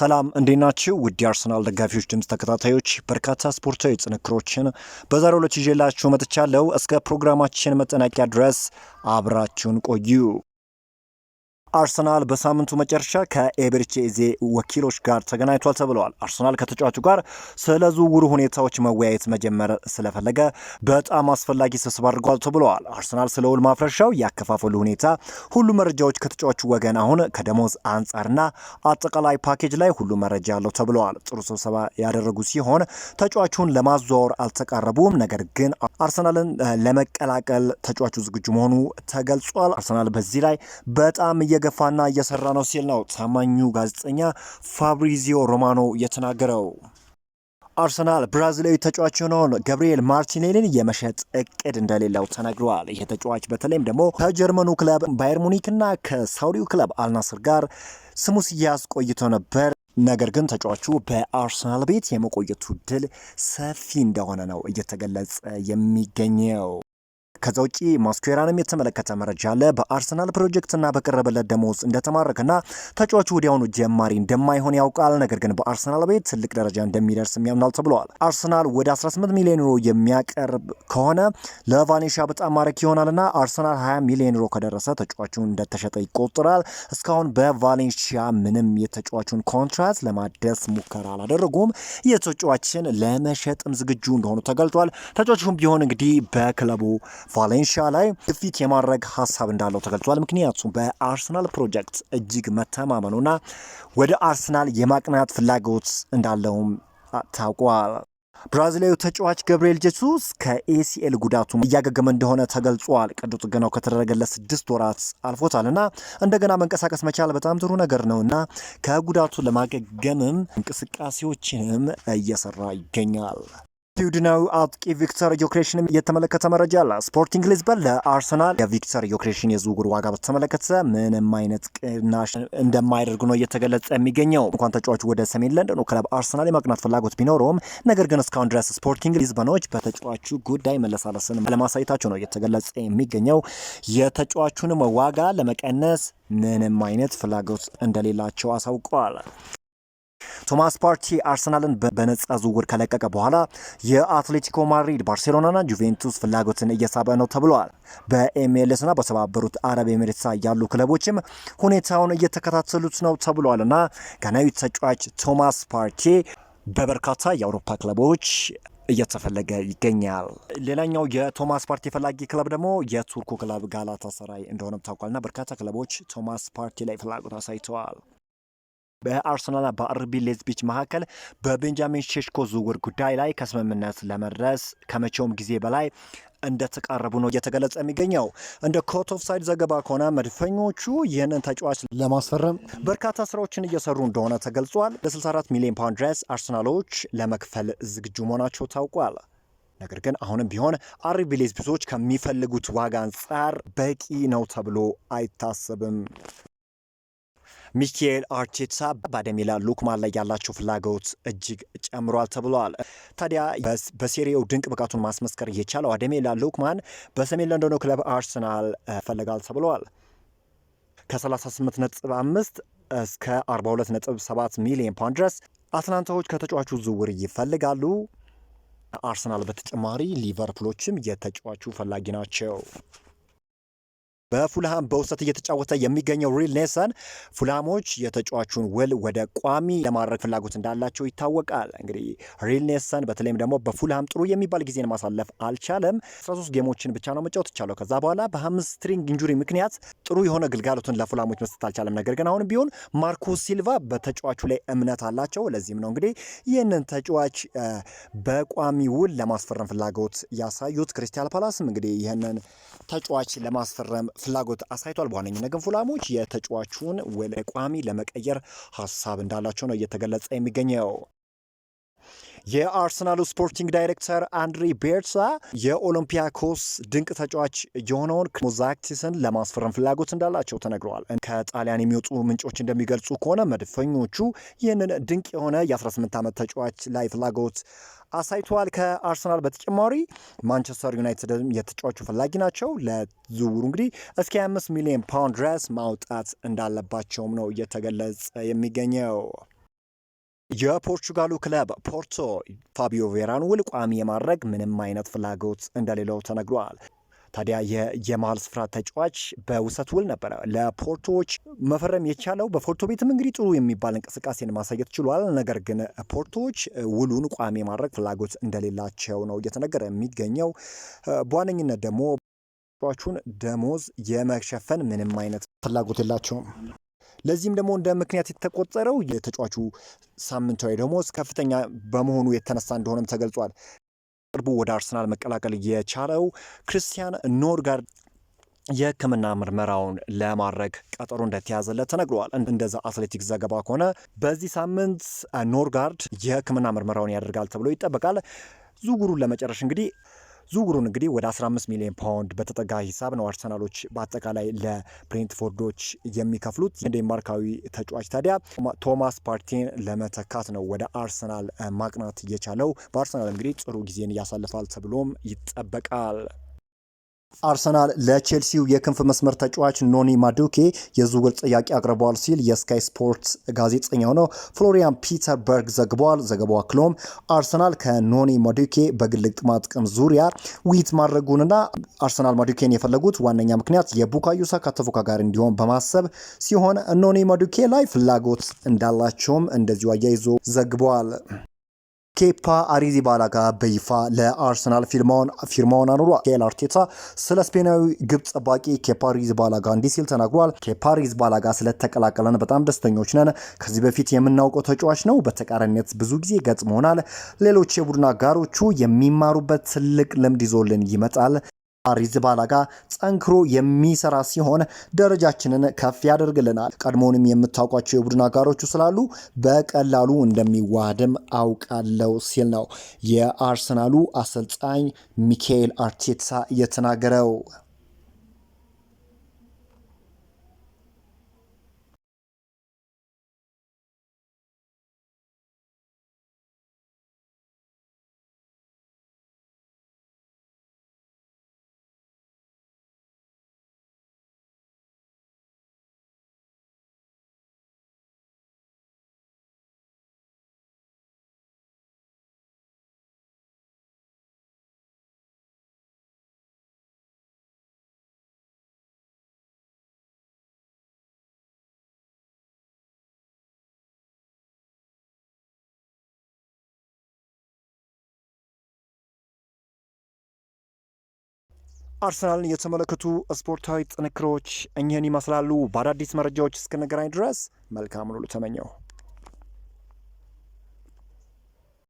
ሰላም እንዴት ናችሁ? ውድ የአርሰናል ደጋፊዎች ድምፅ ተከታታዮች፣ በርካታ ስፖርታዊ ጥንክሮችን በዛሬው ዕለት ይዤላችሁ መጥቻለሁ። እስከ ፕሮግራማችን መጠናቂያ ድረስ አብራችሁን ቆዩ። አርሰናል በሳምንቱ መጨረሻ ከኤቤርቼዜ ወኪሎች ጋር ተገናኝቷል ተብለዋል። አርሰናል ከተጫዋቹ ጋር ስለ ዝውውሩ ሁኔታዎች መወያየት መጀመር ስለፈለገ በጣም አስፈላጊ ስብሰባ አድርጓል ተብለዋል። አርሰናል ስለ ውል ማፍረሻው፣ ያከፋፈሉ ሁኔታ፣ ሁሉ መረጃዎች ከተጫዋቹ ወገን አሁን ከደሞዝ አንጻርና አጠቃላይ ፓኬጅ ላይ ሁሉ መረጃ አለው ተብለዋል። ጥሩ ስብሰባ ያደረጉ ሲሆን ተጫዋቹን ለማዘዋወር አልተቃረቡም። ነገር ግን አርሰናልን ለመቀላቀል ተጫዋቹ ዝግጁ መሆኑ ተገልጿል። አርሰናል በዚህ ላይ በጣም እየገፋና እየሰራ ነው ሲል ነው ታማኙ ጋዜጠኛ ፋብሪዚዮ ሮማኖ የተናገረው። አርሰናል ብራዚላዊ ተጫዋች የሆነውን ገብርኤል ማርቲኔሊን የመሸጥ እቅድ እንደሌለው ተነግሯል። ይህ ተጫዋች በተለይም ደግሞ ከጀርመኑ ክለብ ባየር ሙኒክና ከሳውዲው ክለብ አልናስር ጋር ስሙ ሲያዝ ቆይቶ ነበር። ነገር ግን ተጫዋቹ በአርሰናል ቤት የመቆየቱ እድል ሰፊ እንደሆነ ነው እየተገለጸ የሚገኘው። ከዛ ውጪ ማስኩዌራንም የተመለከተ መረጃ አለ። በአርሰናል ፕሮጀክትና በቀረበለት ደሞዝ እንደተማረከና ተጫዋቹ ወዲያውኑ ጀማሪ እንደማይሆን ያውቃል። ነገር ግን በአርሰናል ቤት ትልቅ ደረጃ እንደሚደርስም ያምናል ተብለዋል። አርሰናል ወደ 18 ሚሊዮን ዩሮ የሚያቀርብ ከሆነ ለቫኔሻ በጣም ማራኪ ይሆናልና አርሰናል 20 ሚሊዮን ዩሮ ከደረሰ ተጫዋቹ እንደተሸጠ ይቆጠራል። እስካሁን በቫሌንሺያ ምንም የተጫዋቹን ኮንትራት ለማደስ ሙከራ አላደረጉም። የተጫዋችን ለመሸጥም ዝግጁ እንደሆኑ ተገልጧል። ተጫዋቹም ቢሆን እንግዲህ በክለቡ ቫሌንሺያ ላይ ግፊት የማድረግ ሀሳብ እንዳለው ተገልጿል። ምክንያቱም በአርሰናል ፕሮጀክት እጅግ መተማመኑና ወደ አርሰናል የማቅናት ፍላጎት እንዳለውም ታውቋል። ብራዚላዊ ተጫዋች ገብርኤል ጄሱስ ከኤሲኤል ጉዳቱ እያገገመ እንደሆነ ተገልጿል። ቀዶ ጥገናው ከተደረገለት ስድስት ወራት አልፎታልና እንደገና መንቀሳቀስ መቻል በጣም ጥሩ ነገር ነውና ከጉዳቱ ለማገገምም እንቅስቃሴዎችንም እየሰራ ይገኛል። ስዊድናዊ አጥቂ ቪክተር ዮክሬሽን የተመለከተ መረጃ አለ። ስፖርቲንግ ሊዝበን ለአርሰናል የቪክተር ዮክሬሽን የዝውውር ዋጋ በተመለከተ ምንም አይነት ቅናሽ እንደማይደርግ ነው እየተገለጸ የሚገኘው። እንኳን ተጫዋቹ ወደ ሰሜን ለንደኑ ክለብ አርሰናል የማቅናት ፍላጎት ቢኖረውም ነገር ግን እስካሁን ድረስ ስፖርቲንግ ሊዝበኖች በተጫዋቹ ጉዳይ መለሳለስን ለማሳየታቸው ነው እየተገለጸ የሚገኘው። የተጫዋቹንም ዋጋ ለመቀነስ ምንም አይነት ፍላጎት እንደሌላቸው አሳውቀዋል። ቶማስ ፓርቲ አርሰናልን በነጻ ዝውውር ከለቀቀ በኋላ የአትሌቲኮ ማድሪድ፣ ባርሴሎናና ጁቬንቱስ ፍላጎትን እየሳበ ነው ተብሏል። በኤምኤልስና በተባበሩት አረብ ኤሚሬትስ ያሉ ክለቦችም ሁኔታውን እየተከታተሉት ነው ተብሏል እና ጋናዊ ተጫዋች ቶማስ ፓርቲ በበርካታ የአውሮፓ ክለቦች እየተፈለገ ይገኛል። ሌላኛው የቶማስ ፓርቲ ፈላጊ ክለብ ደግሞ የቱርኩ ክለብ ጋላታሳራይ እንደሆነም ታውቋልና በርካታ ክለቦች ቶማስ ፓርቲ ላይ ፍላጎት አሳይተዋል። በአርሰናልና በአርቢ ሌዝቢች መካከል በቤንጃሚን ሼሽኮ ዝውውር ጉዳይ ላይ ከስምምነት ለመድረስ ከመቼውም ጊዜ በላይ እንደተቃረቡ ነው እየተገለጸ የሚገኘው። እንደ ኮት ኦፍ ሳይድ ዘገባ ከሆነ መድፈኞቹ ይህንን ተጫዋች ለማስፈረም በርካታ ስራዎችን እየሰሩ እንደሆነ ተገልጿል። ለ64 ሚሊዮን ፓውንድ ድረስ አርሰናሎች ለመክፈል ዝግጁ መሆናቸው ታውቋል። ነገር ግን አሁንም ቢሆን አርቢ ሌዝቢቾች ከሚፈልጉት ዋጋ አንጻር በቂ ነው ተብሎ አይታሰብም። ሚካኤል አርቴታ ባደሜላ ሉክማን ላይ ያላቸው ፍላጎት እጅግ ጨምሯል ተብሏል። ታዲያ በሴሪው ድንቅ ብቃቱን ማስመስከር እየቻለው አደሜላ ሉክማን በሰሜን ለንደኑ ክለብ አርሰናል ፈለጋል ተብሏል። ከ38.5 እስከ 42.7 ሚሊዮን ፓውንድ ድረስ አትላንታዎች ከተጫዋቹ ዝውውር ይፈልጋሉ። አርሰናል በተጨማሪ ሊቨርፑሎችም የተጫዋቹ ፈላጊ ናቸው። በፉልሃም በውሰት እየተጫወተ የሚገኘው ሪል ኔልሰን ፉልሃሞች የተጫዋቹን ውል ወደ ቋሚ ለማድረግ ፍላጎት እንዳላቸው ይታወቃል። እንግዲህ ሪል ኔልሰን በተለይም ደግሞ በፉልሃም ጥሩ የሚባል ጊዜን ማሳለፍ አልቻለም። 13 ጌሞችን ብቻ ነው መጫወት ቻለው። ከዛ በኋላ በሀምስትሪንግ ኢንጁሪ ምክንያት ጥሩ የሆነ ግልጋሎትን ለፉልሃሞች መስጠት አልቻለም። ነገር ግን አሁን ቢሆን ማርኮ ሲልቫ በተጫዋቹ ላይ እምነት አላቸው። ለዚህም ነው እንግዲህ ይህንን ተጫዋች በቋሚ ውል ለማስፈረም ፍላጎት ያሳዩት። ክሪስታል ፓላስም እንግዲህ ይህንን ተጫዋች ለማስፈረም ፍላጎት አሳይቷል። በዋነኝነት ግን ፉላሞች የተጫዋቹን ወደ ቋሚ ለመቀየር ሀሳብ እንዳላቸው ነው እየተገለጸ የሚገኘው። የአርሰናሉ ስፖርቲንግ ዳይሬክተር አንድሪ ቤርሳ የኦሎምፒያኮስ ድንቅ ተጫዋች የሆነውን ሞዛክቲስን ለማስፈረም ፍላጎት እንዳላቸው ተነግረዋል። ከጣሊያን የሚወጡ ምንጮች እንደሚገልጹ ከሆነ መድፈኞቹ ይህንን ድንቅ የሆነ የ18 ዓመት ተጫዋች ላይ ፍላጎት አሳይተዋል። ከአርሰናል በተጨማሪ ማንቸስተር ዩናይትድም የተጫዋቹ ፈላጊ ናቸው። ለዝውውሩ እንግዲህ እስከ 25 ሚሊዮን ፓውንድ ድረስ ማውጣት እንዳለባቸውም ነው እየተገለጸ የሚገኘው። የፖርቹጋሉ ክለብ ፖርቶ ፋቢዮ ቬራን ውል ቋሚ የማድረግ ምንም አይነት ፍላጎት እንደሌለው ተነግሯል። ታዲያ የየማል ስፍራ ተጫዋች በውሰት ውል ነበረ ለፖርቶዎች መፈረም የቻለው። በፖርቶ ቤትም እንግዲህ ጥሩ የሚባል እንቅስቃሴን ማሳየት ችሏል። ነገር ግን ፖርቶዎች ውሉን ቋሚ የማድረግ ፍላጎት እንደሌላቸው ነው እየተነገረ የሚገኘው። በዋነኝነት ደግሞ ተጫዋቹን ደሞዝ የመሸፈን ምንም አይነት ፍላጎት የላቸውም። ለዚህም ደግሞ እንደ ምክንያት የተቆጠረው የተጫዋቹ ሳምንታዊ ደሞዝ ከፍተኛ በመሆኑ የተነሳ እንደሆነም ተገልጿል። ቅርቡ ወደ አርሰናል መቀላቀል የቻለው ክርስቲያን ኖርጋርድ የሕክምና ምርመራውን ለማድረግ ቀጠሮ እንደተያዘለት ተነግረዋል። እንደዛ አትሌቲክስ ዘገባ ከሆነ በዚህ ሳምንት ኖርጋርድ የሕክምና ምርመራውን ያደርጋል ተብሎ ይጠበቃል። ዝውውሩን ለመጨረሽ እንግዲህ ዝውውሩን እንግዲህ ወደ 15 ሚሊዮን ፓውንድ በተጠጋ ሂሳብ ነው አርሰናሎች በአጠቃላይ ለብሬንትፎርዶች የሚከፍሉት። ዴንማርካዊ ተጫዋች ታዲያ ቶማስ ፓርቲን ለመተካት ነው ወደ አርሰናል ማቅናት የቻለው። በአርሰናል እንግዲህ ጥሩ ጊዜን ያሳልፋል ተብሎም ይጠበቃል። አርሰናል ለቼልሲው የክንፍ መስመር ተጫዋች ኖኒ ማዱኬ የዝውውር ጥያቄ አቅርበዋል ሲል የስካይ ስፖርት ጋዜጠኛ ነው ፍሎሪያን ፒተርበርግ ዘግበዋል። ዘገባው አክሎም አርሰናል ከኖኒ ማዱኬ በግል ጥቅማጥቅም ዙሪያ ውይይት ማድረጉንና አርሰናል ማዱኬን የፈለጉት ዋነኛ ምክንያት የቡካዮ ሳካ ተፎካካሪ እንዲሆን በማሰብ ሲሆን ኖኒ ማዱኬ ላይ ፍላጎት እንዳላቸውም እንደዚሁ አያይዞ ዘግበዋል። ኬፓ ጋር በይፋ ለአርሰናል ፊርማውን አኑሯል። ኬል አርቴታ ስለ ስፔናዊ ግብ ጠባቂ ኬፓ አሪዚባላጋ እንዲህ ሲል ተናግሯል። ኬፓ አሪዚባላጋ ስለተቀላቀለን በጣም ደስተኞች ነን። ከዚህ በፊት የምናውቀው ተጫዋች ነው። በተቃራኒነት ብዙ ጊዜ ገጥሞናል። ሌሎች የቡድን አጋሮቹ የሚማሩበት ትልቅ ልምድ ይዞልን ይመጣል። አሪዝባላ ጋር ጠንክሮ የሚሰራ ሲሆን ደረጃችንን ከፍ ያደርግልናል። ቀድሞንም የምታውቋቸው የቡድን አጋሮቹ ስላሉ በቀላሉ እንደሚዋሃድም አውቃለው ሲል ነው የአርሰናሉ አሰልጣኝ ሚካኤል አርቴታ የተናገረው። አርሰናልን የተመለከቱ ስፖርታዊ ጥንክሮች እኚህን ይመስላሉ። በአዳዲስ መረጃዎች እስክንገናኝ ድረስ መልካም ሁሉ ተመኘው።